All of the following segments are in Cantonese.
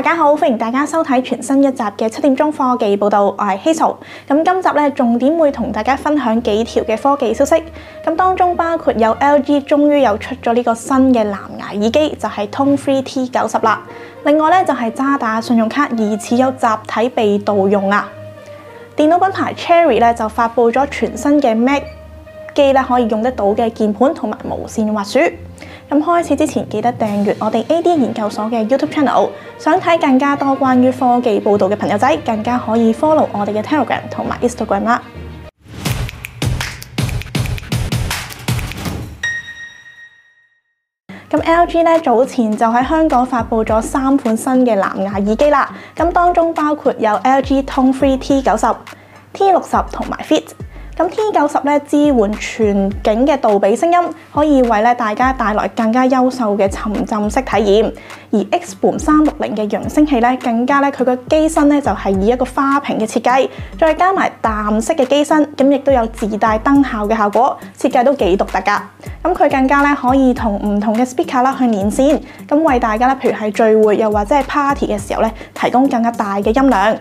大家好，歡迎大家收睇全新一集嘅七點鐘科技報道，我係 Hazel 咁今集咧重點會同大家分享幾條嘅科技消息，咁當中包括有 LG 終於又出咗呢個新嘅藍牙耳機，就係 Tone Free T90 啦。另外咧就係、是、渣打信用卡疑似有集體被盜用啊。電腦品牌 Cherry 咧就發布咗全新嘅 Mac 機咧，可以用得到嘅鍵盤同埋無線滑鼠。咁開始之前，記得訂閱我哋 AD 研究所嘅 YouTube channel。想睇更加多關於科技報道嘅朋友仔，更加可以 follow 我哋嘅 Telegram 同埋 Instagram 啦。咁 LG 咧早前就喺香港發布咗三款新嘅藍牙耳機啦。咁當中包括有 LG Tone Free T 九十、T 六十同埋 Fit。T 九十咧支援全景嘅杜比聲音，可以為咧大家帶來更加優秀嘅沉浸式體驗。而 X BOOM 三六零嘅揚聲器咧，更加咧佢個機身咧就係以一個花瓶嘅設計，再加埋淡色嘅機身，咁亦都有自帶燈效嘅效果，設計都幾獨特㗎。咁佢更加咧可以同唔同嘅 speaker 啦去連線，咁為大家咧譬如係聚會又或者係 party 嘅時候咧，提供更加大嘅音量。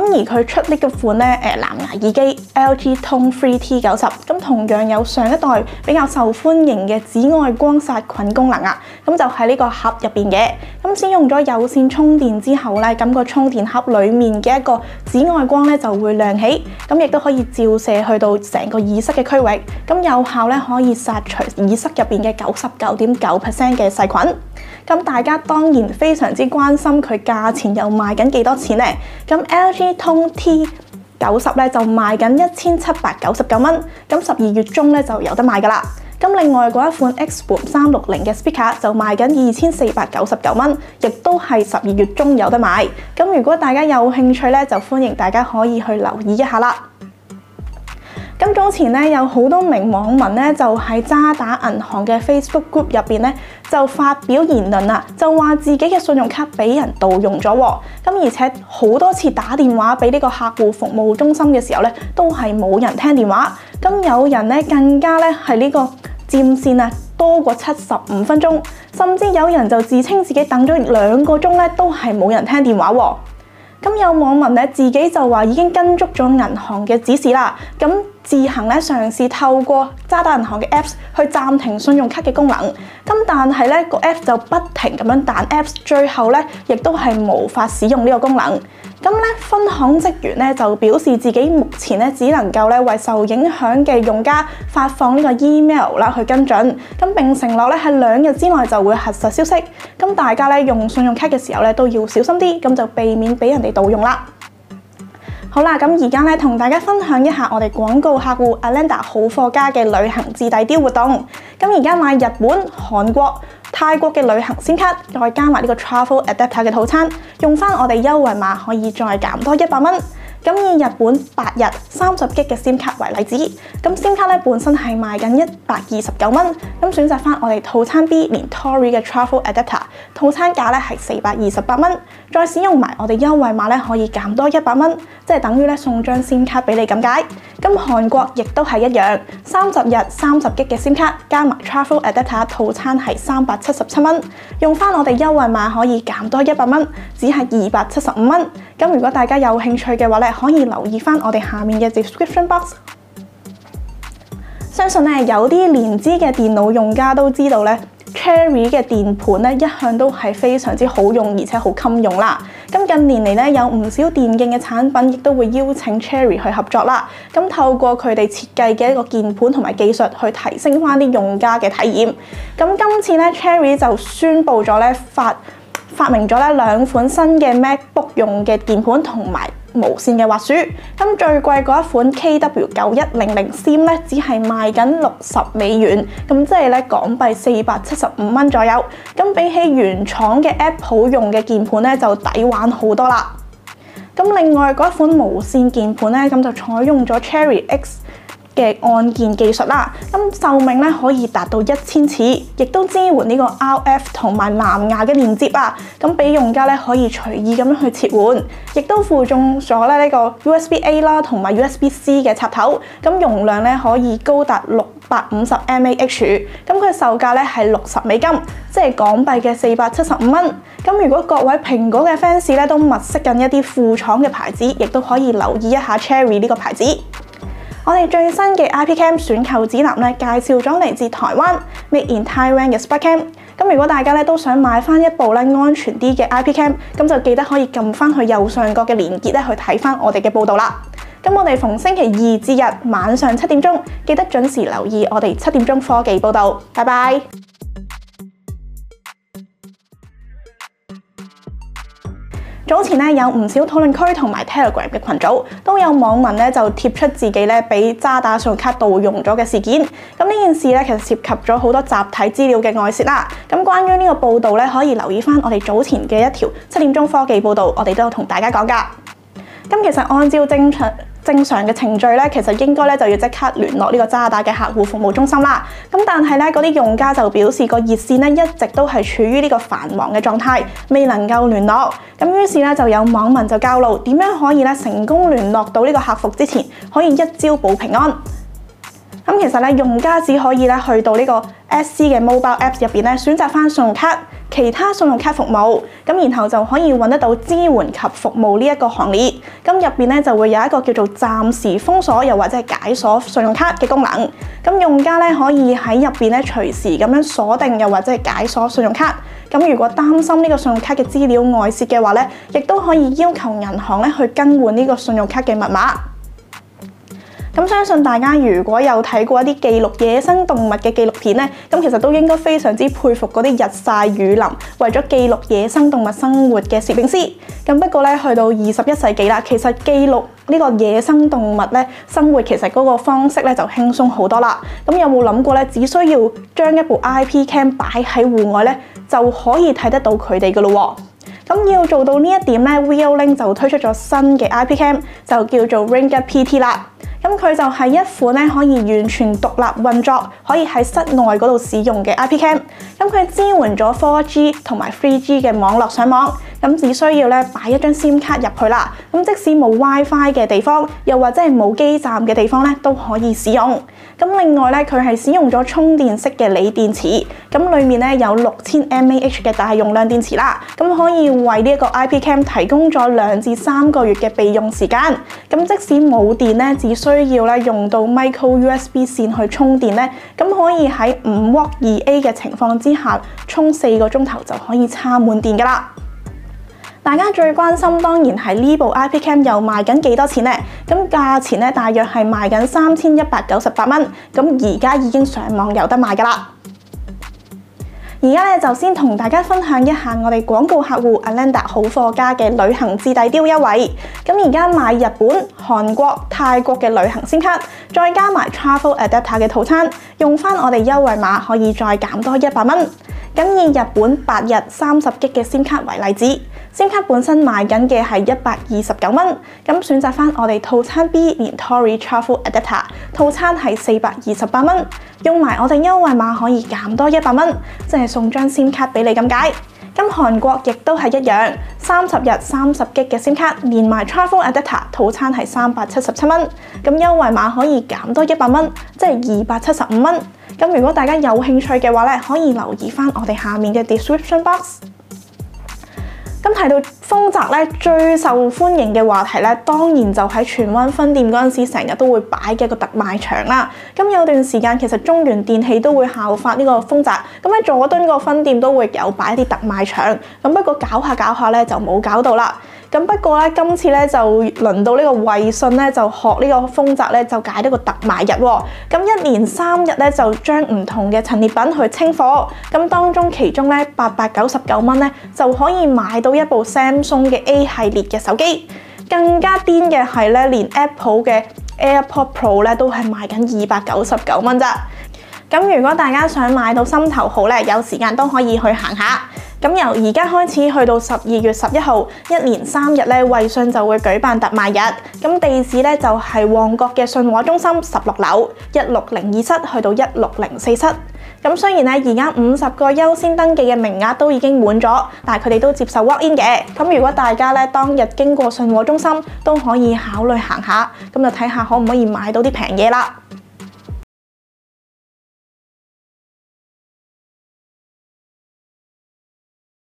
而佢出的呢個款咧，藍牙耳機 LG Tone Free T90，同樣有上一代比較受歡迎嘅紫外光殺菌功能啊，咁就喺、是、呢個盒入邊嘅。咁先用咗有線充電之後呢，咁個充電盒裡面嘅一個紫外光咧就會亮起，咁亦都可以照射去到成個耳塞嘅區域，咁有效咧可以殺除耳塞入面嘅九十九點九 percent 嘅細菌。咁大家當然非常之關心佢價錢又賣緊幾多錢呢？咁 LG Tone T90 咧就賣緊一千七百九十九蚊，咁十二月中咧就有得賣噶啦。咁另外嗰一款 XBOOM 360嘅 Speaker 就賣緊二千四百九十九蚊，亦都係十二月中有得買。咁如果大家有興趣咧，就歡迎大家可以去留意一下啦。咁早前咧，有好多名網民咧，就喺渣打銀行嘅 Facebook Group 入邊咧，就發表言論啦，就話自己嘅信用卡俾人盜用咗。咁而且好多次打電話俾呢個客戶服務中心嘅時候咧，都係冇人聽電話。咁有人咧更加咧係呢個佔線啊，多過七十五分鐘，甚至有人就自稱自己等咗兩個鐘咧，都係冇人聽電話。咁有網民咧，自己就話已經跟足咗銀行嘅指示啦。咁自行咧嘗試透過渣打銀行嘅 Apps 去暫停信用卡嘅功能，咁但係咧個 App 就不停咁樣彈，Apps 最後咧亦都係無法使用呢個功能。咁咧分行職員咧就表示自己目前咧只能夠咧為受影響嘅用家發放呢個 email 啦去跟進，咁並承諾咧喺兩日之內就會核實消息。咁大家咧用信用卡嘅時候咧都要小心啲，咁就避免俾人哋盜用啦。好啦，咁而家咧，同大家分享一下我哋廣告客戶 Anlander 好貨家嘅旅行自提啲活動。咁而家買日本、韓國、泰國嘅旅行 SIM 卡，再加埋呢個 Travel Adapter 嘅套餐，用返我哋優惠碼可以再減多一百蚊。以日本八日三十 G 嘅 SIM 卡為例子，咁 SIM 卡本身係賣緊一百二十九蚊，咁選擇翻我哋套餐 B 連 Torrii 嘅 Travel Adapter 套餐價咧係四百二十八蚊，再使用埋我哋優惠碼可以減多一百蚊，即係等於送張 SIM 卡俾你咁解。咁韓國亦都係一樣，三十日三十 G 嘅 SIM 卡加埋 Travel Adapter 套餐係三百七十七蚊，用翻我哋優惠碼可以減多一百蚊，只係二百七十五蚊。咁如果大家有興趣嘅話咧，可以留意翻我哋下面嘅 description box。相信咧有啲年資嘅電腦用家都知道咧，Cherry 嘅鍵盤咧一向都係非常之好用，而且好襟用啦。咁近年嚟咧有唔少電競嘅產品亦都會邀請 Cherry 去合作啦。咁透過佢哋設計嘅一個鍵盤同埋技術去提升翻啲用家嘅體驗。咁今次咧 Cherry 就宣布咗咧發發明咗咧兩款新嘅 MacBook 用嘅鍵盤同埋無線嘅滑鼠，咁最貴嗰一款 KW 九一零零 C 咧，只係賣緊六十美元，咁即係咧港幣四百七十五蚊左右。咁比起原廠嘅 Apple 用嘅鍵盤咧，就抵玩好多啦。咁另外嗰一款無線鍵盤咧，咁就採用咗 Cherry X。嘅按鍵技術啦，咁壽命咧可以達到一千次，亦都支援呢個 RF 同埋藍牙嘅連接啊，咁俾用家咧可以隨意咁樣去切換，亦都附中咗咧呢個 USB A 啦同埋 USB C 嘅插頭，咁容量咧可以高達六百五十 mAh，咁佢售價咧係六十美金，即係港幣嘅四百七十五蚊。咁如果各位蘋果嘅 fans 咧都物色緊一啲副廠嘅牌子，亦都可以留意一下 Cherry 呢個牌子。我哋最新嘅 IP Cam 選購指南咧，介紹咗嚟自台灣 Made in Taiwan 嘅 Spark Cam。咁如果大家咧都想買翻一部咧安全啲嘅 IP Cam，咁就記得可以撳翻去右上角嘅連結咧，去睇翻我哋嘅報道啦。咁我哋逢星期二至日晚上七點鐘，記得準時留意我哋七點鐘科技報道。拜拜。早前咧有唔少討論區同埋 Telegram 嘅群組，都有網民咧就貼出自己咧畀渣打信用卡盜用咗嘅事件。咁呢件事咧其實涉及咗好多集體資料嘅外泄啦。咁關於呢個報道咧，可以留意返我哋早前嘅一條七點鐘科技報道，我哋都有同大家講㗎。咁其實按照正常。正常嘅程序呢，其實應該呢就要即刻聯絡呢個渣打嘅客戶服務中心啦。咁但係呢，嗰啲用家就表示個熱線呢一直都係處於呢個繁忙嘅狀態，未能夠聯絡。咁於是呢，就有網民就教路點樣可以呢成功聯絡到呢個客服之前，可以一朝保平安。咁其實呢，用家只可以呢去到呢個。SC 嘅 mobile apps 入邊咧，選擇翻信用卡，其他信用卡服務，咁然後就可以揾得到支援及服務呢一個行列。咁入邊咧就會有一個叫做暫時封鎖又或者係解鎖信用卡嘅功能。咁用家咧可以喺入邊咧隨時咁樣鎖定又或者係解鎖信用卡。咁如果擔心呢個信用卡嘅資料外洩嘅話咧，亦都可以要求銀行咧去更換呢個信用卡嘅密碼。咁相信大家如果有睇過一啲記錄野生動物嘅紀錄片呢，咁其實都應該非常之佩服嗰啲日曬雨淋為咗記錄野生動物生活嘅攝影師。咁不過呢，去到二十一世紀啦，其實記錄呢個野生動物呢生活其實嗰個方式呢就輕鬆好多啦。咁有冇諗過呢？只需要將一部 IP cam 擺喺戶外呢，就可以睇得到佢哋㗎喇喎。要做到呢一點咧，VioLink 就推出咗新嘅 IP Cam，就叫做 Ringer PT 啦。咁佢就係一款咧可以完全獨立運作，可以喺室內嗰度使用嘅 IP Cam。咁佢支援咗 4G 同埋 3G 嘅網絡上網。咁只需要咧擺一張 SIM 卡入去啦。咁即使冇 WiFi 嘅地方，又或者係冇基站嘅地方咧，都可以使用。咁另外咧，佢係使用咗充電式嘅鋰電池，咁裡面咧有六千 mAh 嘅大容量電池啦，咁可以為呢一個 IP Cam 提供咗兩至三個月嘅備用時間。咁即使冇電咧，只需要咧用到 Micro USB 線去充電咧，咁可以喺五 W 二 A 嘅情況之下充四個鐘頭就可以插滿電㗎喇。大家最關心當然係呢部 IP Cam 又賣緊幾多錢呢？咁價錢呢，大約係賣緊三千一百九十八蚊，咁而家已經上網有得賣噶啦。而家呢就先同大家分享一下我哋廣告客戶 Anlander 好貨家嘅旅行至抵 deal 優惠，咁而家買日本、韓國、泰國嘅旅行 SIM 卡，再加埋 Travel Adapter 嘅套餐，用翻我哋優惠碼可以再減多一百蚊。僅以日本八日三十 G 嘅先卡為例子，先卡本身賣緊嘅係一百二十九蚊，咁選擇翻我哋套餐 B 連 Torrii Travel Adapter 套餐係四百二十八蚊，用埋我哋優惠碼可以減多、就是、一百蚊，即係送張先卡俾你咁解。咁韓國亦都係一樣，三十日三十 G 嘅先卡連埋 Travel Adapter 套餐係三百七十七蚊，咁優惠碼可以減多一百蚊，即係二百七十五蚊。咁如果大家有興趣嘅話咧，可以留意翻我哋下面嘅 description box。咁提到豐澤咧，最受歡迎嘅話題咧，當然就喺荃灣分店嗰陣時，成日都會擺嘅一個特賣場啦。咁有段時間其實中原電器都會效法呢個豐澤，咁喺佐敦個分店都會有擺一啲特賣場。咁不過搞下搞下咧，就冇搞到啦。咁不過咧，今次咧就輪到個呢個衛訊咧，就學個風呢個豐澤咧，就解呢個特賣日喎、哦。咁一連三日咧，就將唔同嘅陳列品去清貨。咁當中其中咧，八百九十九蚊咧就可以買到一部 Samsung 嘅 A 系列嘅手機。更加癲嘅係咧，連 Apple 嘅 AirPod Pro 咧都係賣緊二百九十九蚊咋。咁如果大家想買到心頭好咧，有時間都可以去行下。咁由而家開始去到十二月十一號一連三日呢，衛訊就會舉辦特賣日。咁地址呢，就係旺角嘅信和中心十六樓一六零二室去到一六零四室。咁雖然呢而家五十個優先登記嘅名額都已經滿咗，但係佢哋都接受 walk in 嘅。咁如果大家呢當日經過信和中心都可以考慮行下，咁就睇下可唔可以買到啲平嘢啦。